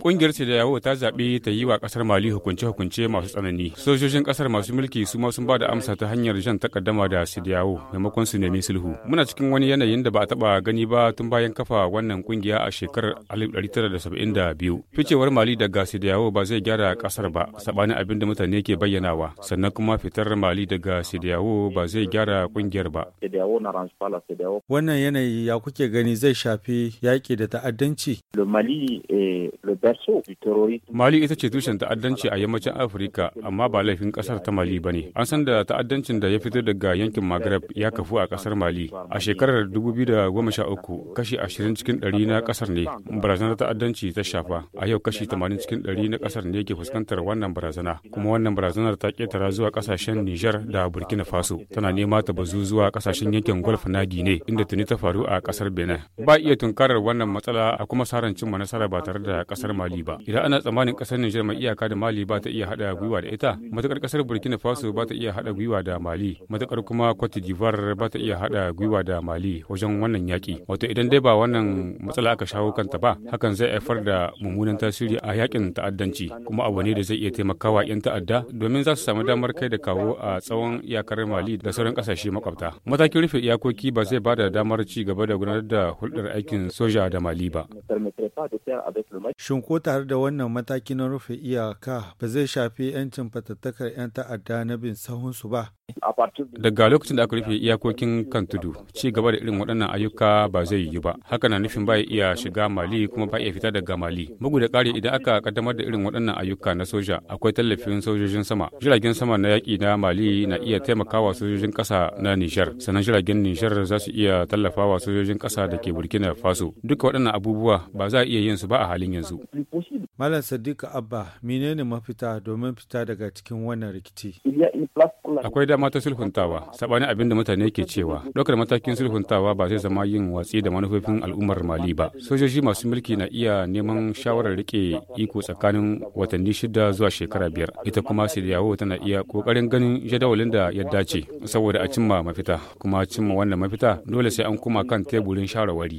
kungiyar CDAO ta zaɓi ta yi wa ƙasar Mali hukunce-hukunce masu tsanani. Sojojin ƙasar masu mulki su ma sun ba da amsa ta hanyar jan takaddama da CDAO maimakon su nemi sulhu. Muna cikin wani yanayin da ba a taɓa gani ba tun bayan kafa wannan ƙungiya a shekarar 1972. Ficewar Mali daga CDAO ba zai gyara ƙasar ba, saɓanin abin da mutane ke bayyanawa. Sannan kuma fitar Mali daga CDAO ba zai gyara ƙungiyar ba. Wannan yanayi ya kuke gani zai shafi yaƙi da ta'addanci? Mali eh, le berceau du terrorisme. Mali ita ce tushen ta'addanci a yammacin Afirka amma ba laifin kasar ta Mali bane. An san da ta'addancin da ya fito daga yankin Maghreb ya kafu a kasar Mali. A shekarar 2013 kashi 20 cikin 100 na kasar ne barazanar ta'addanci ta shafa. A yau kashi 80 cikin 100 na kasar ne ke fuskantar wannan barazana. Kuma wannan barazanar ta ketara zuwa kasashen Niger da Burkina Faso. Tana nema ta bazu zuwa kasashen yankin Gulf na Guinea inda tuni ta faru a kasar Benin. Ba iya tunkarar wannan matsala a kuma sarancin cimma nasara ba tare da kasar mali ba idan ana tsammanin kasar nijar mai iyaka da mali ba ta iya hada gwiwa da ita matakar kasar burkina faso ba ta iya hada gwiwa da mali matakar kuma cote d'ivoire ba ta iya hada gwiwa da mali wajen wannan yaki wato idan dai ba wannan matsala aka shawo kanta ba hakan zai haifar da mummunan tasiri a yakin ta'addanci kuma abu ne da zai iya taimakawa 'yan ta'adda domin za su samu damar kai da kawo a tsawon iyakar mali da sauran kasashe makwabta matakin rufe iyakoki ba zai ba da damar ci gaba da gudanar da hulɗar aikin soja da mali ba Shin ko tare da wannan mataki na rufe iyaka ba zai shafi 'yancin fatattakar 'yan ta'adda na bin sahunsu ba? Daga lokacin da aka rufe iyakokin kan tudu, ci gaba da irin waɗannan ayyuka ba zai yiwu ba. Haka na nufin ba iya shiga Mali kuma ba iya fita daga Mali. Bugu da ƙari idan aka kaddamar da irin waɗannan ayyuka na soja, akwai tallafin sojojin sama. Jiragen sama na yaƙi na Mali na iya taimakawa sojojin ƙasa na Nijar, sannan jiragen Nijar za su iya tallafawa sojojin ƙasa da ke Burkina Faso. Duka waɗannan abubuwa ba za a iya yin su ba a halin yanzu. Malam Sadiq Abba, menene mafita domin fita daga cikin wannan rikici? Akwai dama mata sulhuntawa sabanin abin da mutane ke cewa ɗaukar matakin sulhuntawa ba zai zama yin watsi da manufofin al'ummar mali ba sojoji masu mulki na iya neman shawarar rike iko tsakanin watanni shida zuwa shekara biyar ita kuma siriyawo tana iya kokarin ganin jadawalin da ya dace saboda a cimma mafita kuma cimma wannan mafita dole sai an kuma kan teburin shawarwari.